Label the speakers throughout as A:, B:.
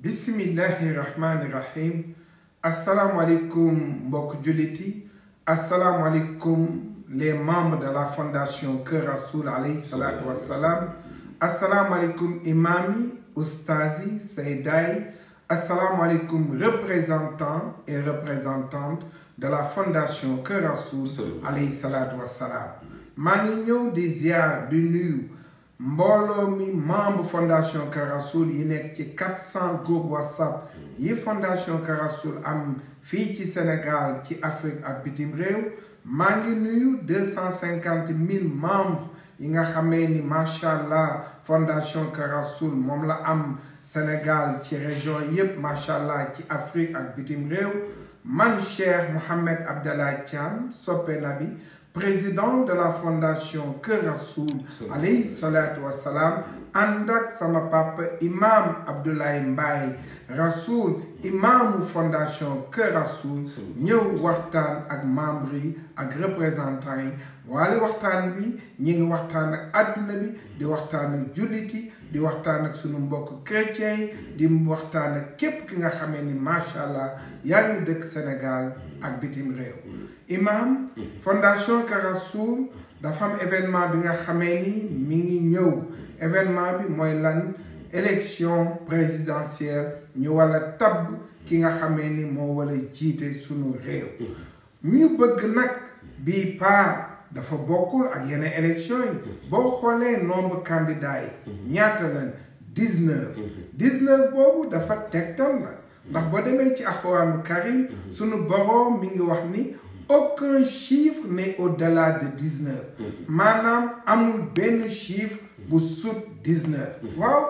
A: Bismillahirrahmanirrahim Assalamu rahim Bok Assalamu Assalamu Assalamu alaikum les membres de la fondation Kerasoul Rassoul alayhi salam, imami Assalamu Imami, imam Ustazi Assalamu Assalamu représentants et représentantes de la fondation Kerasoul Rassoul alayhi salam. mbooloo mi membre fondation Karasoul yi nekk ci 400 groupe whatsapp yi fondation Karasoul am fii ci Sénégal ci Afrique ak bitim réew maa ngi nuyu 250 000 membres yi nga xamee ni macha allah fondation Karasoul moom la am Sénégal ci région yépp macha allah ci Afrique ak bitim réew man Cheikh Mohamed Abdallah Thiam soppe na bi président de la fondation Kër Rasoul, alayhi salatu wassalam salam. Andak sama papa imam Abdoulaye Mbaye Rasoul Imam fondation Kër Rasoul, ñëw waxtaan ak membre ak représentant waale bi ngi ak di waxtaan ak suñu mbokk chrétiens yi di waxtaan ak képp ki nga xamee ni macha allah yaa ngi dëkk Sénégal ak bitim réew. imam fondation Karasoul dafa am événement bi nga xamee ni mi ngi ñëw événement bi mooy lan élection présidentielle ñu wala tabb ki nga xamee ni moo wala jiite suñu réew ñu bëgg nag bii paa. da fa bokul ak yene election vous bo xolé nombre candidat Il y a 19 19 c'est da fa tek tam la ndax bo démé ci karim sunu borom mi ngi wax aucun chiffre n'est au-delà de 19 manam a ben chiffre bu de 19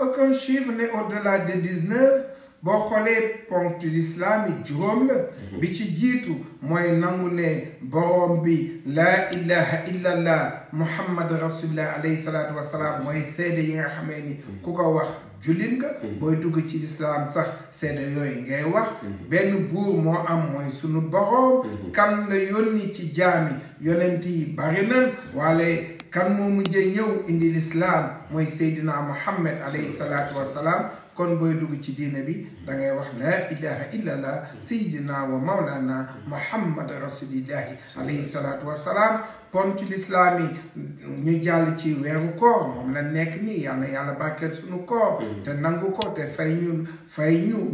A: aucun chiffre n'est au-delà de 19 boo xoolee ponk lislaam yi juróom la mhm. bi ci jiitu mooy nangu ne boroom bi laa ilaha illa allah muhammad rasulillah alayhi salaatu wasalaam mooy seede yi nga xamee ni mhm. ku ko wax jullit nga mhm. booy dugg ci lislaam sax seede yooyu ngay wax benn buur moo am mooy sunu boroom kan la yónni ci jaami yonent yi bari waale kan moo mujjee ñëw indi lislaam mooy seydina muhammad alayhi salaatu wasalaam kon booy dugg ci diine bi dangay wax laa ilaha illa allah sayyidina wa mawlana muhammad rasulillahi alayhi salaatu wassalaam kon ci lislaam yi ñu jàll ci weeru koor moom la nekk nii yal yàlla barkeel suñu koor te nangu ko te fay ñu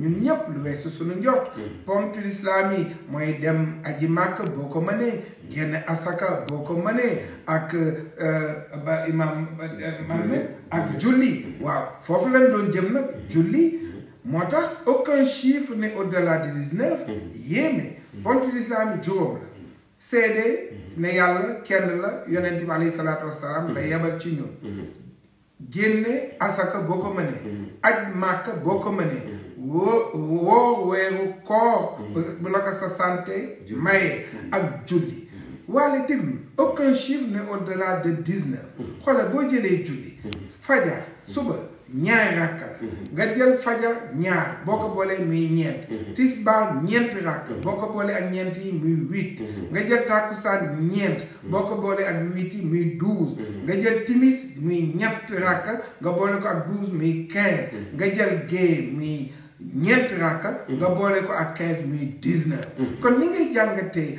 A: ñu ñëpp lu weesu suñu njot mm. pontu lislaam yi mooy dem aji màkk boo ko mënee génne asaka boo ko mënee ak eh, ba imam eh, Mahammed ak julli waaw foofu lañ doon jëm nag julli moo tax aucun chiffre n'est au-delà de dix-neuf mm-hmm. yéeme mm-hmm. ponk l'islam juróom la seede mm-hmm. ne yàlla kenn la yonent bi alayhi salaatu wassalaam la yebal ci ñun génne asaka boo ko mënee aj màkka boo ko mënee woo woo weeru koor bu la ko sa santé maye ak julli wàlla déglu aucun chiffre n'est au-delà de dix-neuf xoolal boo jëlee julli fajar suba ñaari rakk la nga jël fajar ñaar boo ko boolee muy ñeent tisbaar ñeent rakk boo ko boolee ak ñeent yi muy huit nga jël tàkkusaan ñeent boo ko boolee ak huit yi muy douze nga jël timis muy ñett rakk nga boole ko ak douze muy quinze nga jël gée muy ñeent rakk nga boole ko ak quinze muy dix-neuf kon ni ngay jàngatee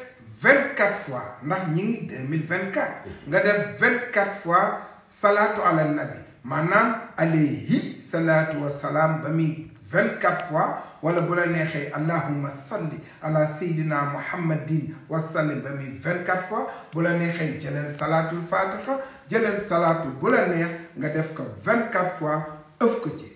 A: vingt quatre fois ndax ñi ngi deux vingt quatre nga def vingt quatre fois salaatu ala nabi maanaam alayhi salaatu wa salaam ba muy vingt quatre fois wala bu la neexee allahuma salli ala sayyidina muhammadin wa sallim ba muy vingt quatre fois bu la neexee jëleel salaatul fatiha jëleel salaatu bu la neex nga def ko vingt quatre fois ëf ko ci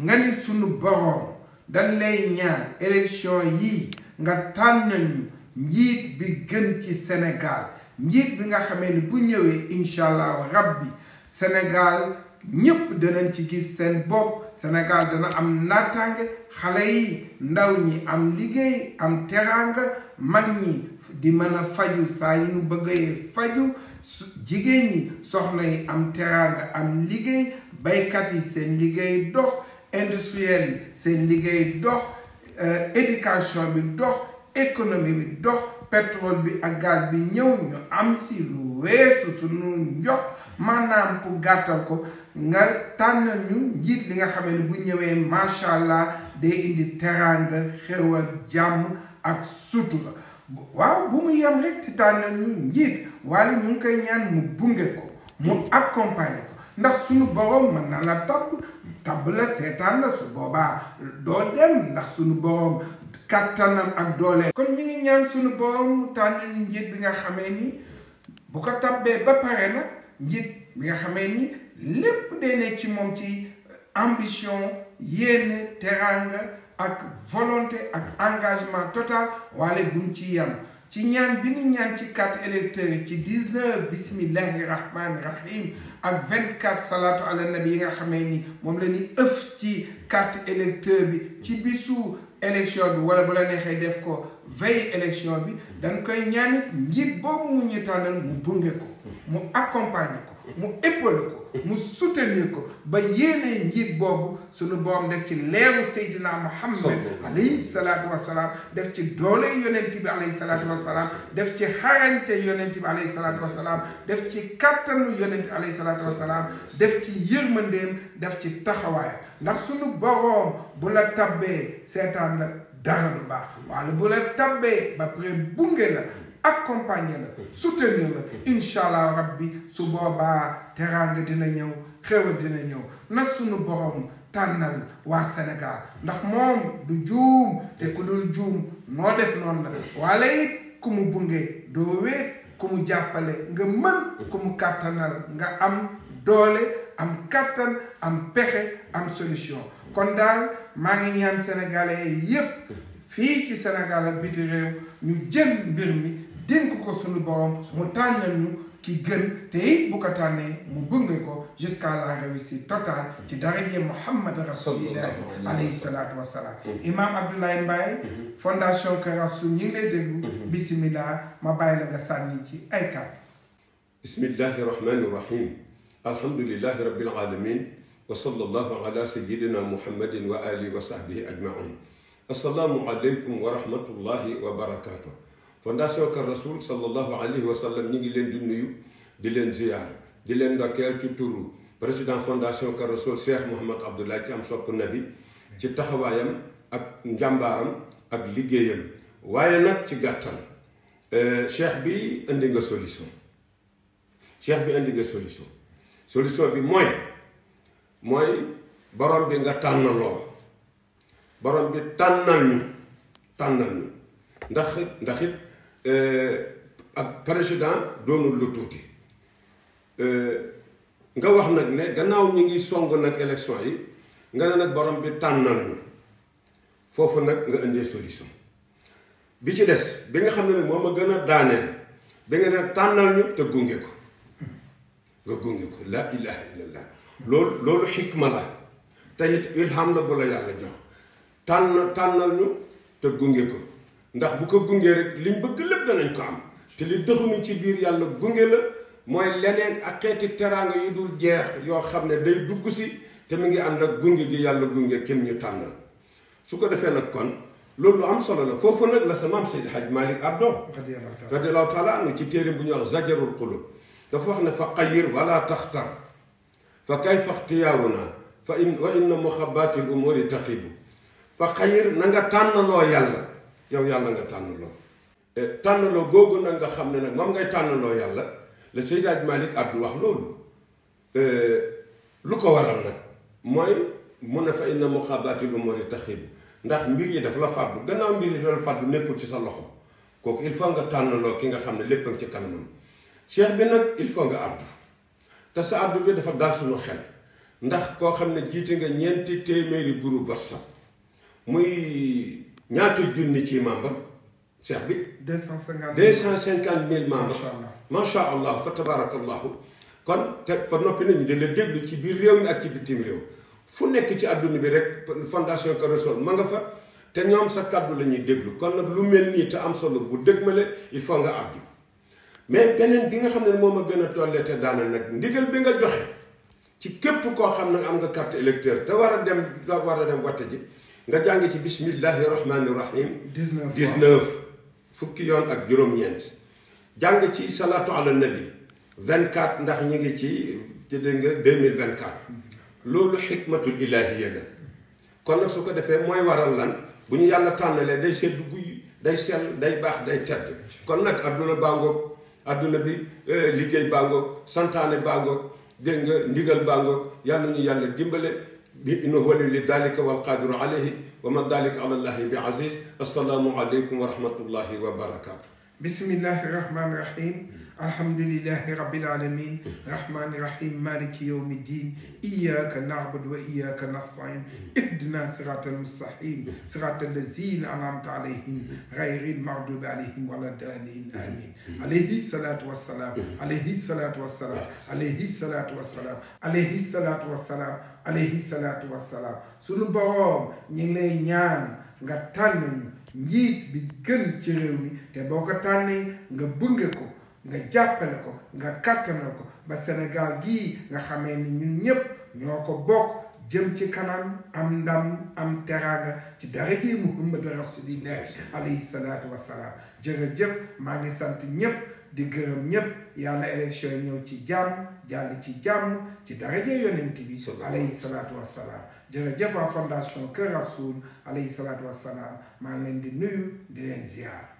A: nga ni sunu boroom dañ ñaan élection yii nga tànnal ñu njiit bi gën ci Sénégal njiit bi nga xamee ni bu ñëwee incha allah bi Sénégal ñépp danañ ci gis seen bopp Sénégal dana am naataange xale yi ndaw ñi am liggéey am teraanga mag ñi di mën a faju saa yu ñu bëggee faju jigéen ñi soxna yi am teraanga am liggéey baykat yi seen liggéey dox industriel yi seen liggéey dox euh, éducation bi dox économie bi dox pétrole bi ak gaz bi ñëw ñu am si lu weesu suñu njox maanaam ku gàttal ko nga tànn ñu njiit li nga xamee ne bu ñëwee macha allah day indi teraanga xéwal jàmm ak sutura waaw bu mu yem rek ci tànn ñu njiit wala ñu ngi koy ñaan mu bunge ko mu accompagne ko ndax suñu borom mën na la tabb tabb la seetaan la su boobaa doo dem ndax suñu borom kàttanam ak dooleem kon ñu ngi ñaan suñu borom mu tànn njiit bi nga xamee ni bu ko tabbee ba pare nag njiit bi nga xamee ni lépp day ne ci moom ci ambition yéene teraanga ak volonté ak engagement total waale buñ ci yam ci ñaan bi ni ñaan ci carte électeur ci 19 bismillahi rahmaani rahim ak 24 salatu ala nabi yi nga xamee ni moom la ni ëf ci carte électeur bi ci bisu élection bi wala bu la neexee def ko veille élection bi dañ koy ñaanit njiit boobu mu ñu tànnal mu bunge ko mu accompagner ko mu éppale ko mu soutenir ko ba yéenee njiit boobu suñu borom def ci leeru Seydina Muhammad alayhi salaatu wasalaam def ci doole yonent bi alayhi salaatu wasalaam def ci xarañte yonent bi alayhi salaatu wasalaam def ci kattanu yonent bi alayhi salaatu def ci yërmandeem def ci taxawaayam ndax suñu borom bu la tabbee seetaan la dara du baax wala bu la tabbee ba pare bunge la accompagner la soutenir la incha allah rabbi su boobaa teraanga dina ñëw xéwal dina ñëw na sunu borom tànnal waa Sénégal ndax moom du juum te ku dul juum noo def noonu la wala it ku mu bunge doo weet ku mu jàppale nga mën ku mu kàttanal nga am doole am kàttan am pexe am solution kon daal maa ngi ñaan sénégalais yépp fii ci Sénégal ak biti réew ñu jël mbir mi dénk ko sunu borom mu tànnal ñu ki gën te it bu ko tànnee mu gunge ko jusqu'à la réussite totale ci daraje Muhammad rasulillahi alayhi salaatu wassalaam mm-hmm. imam Abdoulaye Mbaye mm-hmm. fondation Keur Rassoul ñu ngi lay mm-hmm. bismillah ma bàyyi la nga sànni ci ay kàddu
B: bismillahi rahmani rahim alhamdulillahi rabbil alamin wa sallallahu ala sayyidina muhammadin wa alihi wa sahbihi ajmain Assalamu aleykum wa rahmatullahi wa barakatuh fondation ka Rasoul sallallahu alayhi wa sallam ñi ngi leen di nuyu di leen ziar di leen ndokkeel ci turu président fondation ka Rasoul Cheikh abdullah ci am sopp nabi ci taxawaayam ak njàmbaaram ak liggéeyam waaye nag ci gàttal cheikh bi indi nga solution cheikh bi indi nga solution solution bi mooy mooy borom bi nga tànnaloo borom bi tànnal ñu tànnal ñu ndax ndax it Euh, ab président doonul lu tuuti euh, nga wax nag ne gannaaw ñu ngi song nag élection yi nga ne borom bi tànnal ñu foofu nag nga indee solution bi ci des bi nga xam ne nag moom a gën a daaneel bi nga ne tànnal ñu te gunge ko nga gunge ko laa ilaha illallah loolu loolu xikma la te it ilham la bu la yàlla jox tànn tànnal ñu te gunge ko ndax bu ko gunge rek liñ bëgg lépp danañ ko am te li dëxuñu ci biir yàlla gunge la mooy leneen ak xeeti teranga yi dul jeex yoo xam ne day dugg si te mi ngi ànd ak gunge gi yàlla gunge kenn ñu tànnal su ko defee nag kon loolu lu am solo la foofu nag la sa maam Seydi Hadj malik Abdo radiallahu taala anhu ci téerim bu ñu wax zajarul qulub dafa wax ne fa qayir wala taxtar fa kayfa ixtiyaaruna fa in wa inna muxabaati l umuri taxibu fa qayir na nga tànnaloo yàlla yow yàlla nga tànnloo eh, tànnaloo googu nag nga xam ne nag moom ngay tànnloo yàlla la Seydi Hadji Malick Abdou wax loolu eh, lu ko waral nag mooy mun a fa mu muqabati lu moo di taxibu ndax mbir yi dafa la fàddu gannaaw mbir yi dafa la fàddu nekkul ci sa loxo kooku il faut nga tànnaloo ki nga xam ne lépp a ngi ci kanam cheikh bi nag il faut nga àddu te sa àddu bi dafa dal suñu xel ndax koo xam ne jiite nga ñeenti téeméeri groupe WhatsApp muy ñaata junni ci membre seex bi.
A: deux cent cinquante mille deux cent
B: cinquante mille membres. macha allah fa tabarakallahu kon te ba noppi nañu di la déglu ci biir réew mi ak ci bitim réew fu nekk ci àdduna bi rek fondation Keur Rassoul ma nga fa te ñoom sa kàddu la ñuy déglu kon nag lu mel nii te am solo bu ma lee il faut nga àddu mais beneen bi nga xam ne moom ma gën a tollee te daana nag ndigal bi nga joxe ci képp koo xam ne am nga carte électeur te war a dem war a dem wate ji. nga jàng ci bismillahi rahmani rahim.
A: 19 19
B: fukki yoon ak juróom-ñeent. jàng ci salaatu ala nabi 24 ndax ñu ngi ci te nga 2024. loolu xikmatul ilaahiya la kon nag su ko defee mooy waral lan bu ñu yàlla tànnalee day sedd guy day sell day baax day tedd kon nag adduna bàngoog adduna bi eh, liggéey bàngoog santaane bàngoog dégg nga ndigal bàngoog yàlla ñu yàlla dimbale. بأنه ولي ذلك والقادر عليه وما ذلك على الله بعزيز السلام عليكم ورحمة الله وبركاته
A: بسم الله الرحمن الرحيم الحمد لله رب العالمين الرحمن الرحيم مالك يوم الدين إياك نعبد وإياك نستعين اهدنا صراط المستقيم صراط الذين أنعمت عليهم غير المغضوب عليهم ولا الضالين آمين عليه الصلاة والسلام عليه الصلاة والسلام عليه الصلاة والسلام عليه الصلاة والسلام عليه الصلاة والسلام sunu borom ñi ngi lay njiit bi gën ci réew mi te boo ko tànnee nga bunge ko nga jàppale ko nga kàttanal ko ba Sénégal gii nga xamee ni ñun ñépp ñoo ko bokk jëm ci kanam am ndam am teraanga ci dara ji Muhammad Rasulillah alayhi salaatu wassalaam jërëjëf maa ngi sant ñépp di gërëm ñépp yàlla élection yi ñëw ci jàmm jal ci jàmm ci daraja yonent bi alayhi salaatu wassalaam jërëjëf waa fondation Kër Rasoul alayhi salaatu wassalaam maa ngi leen di nuyu di leen ziar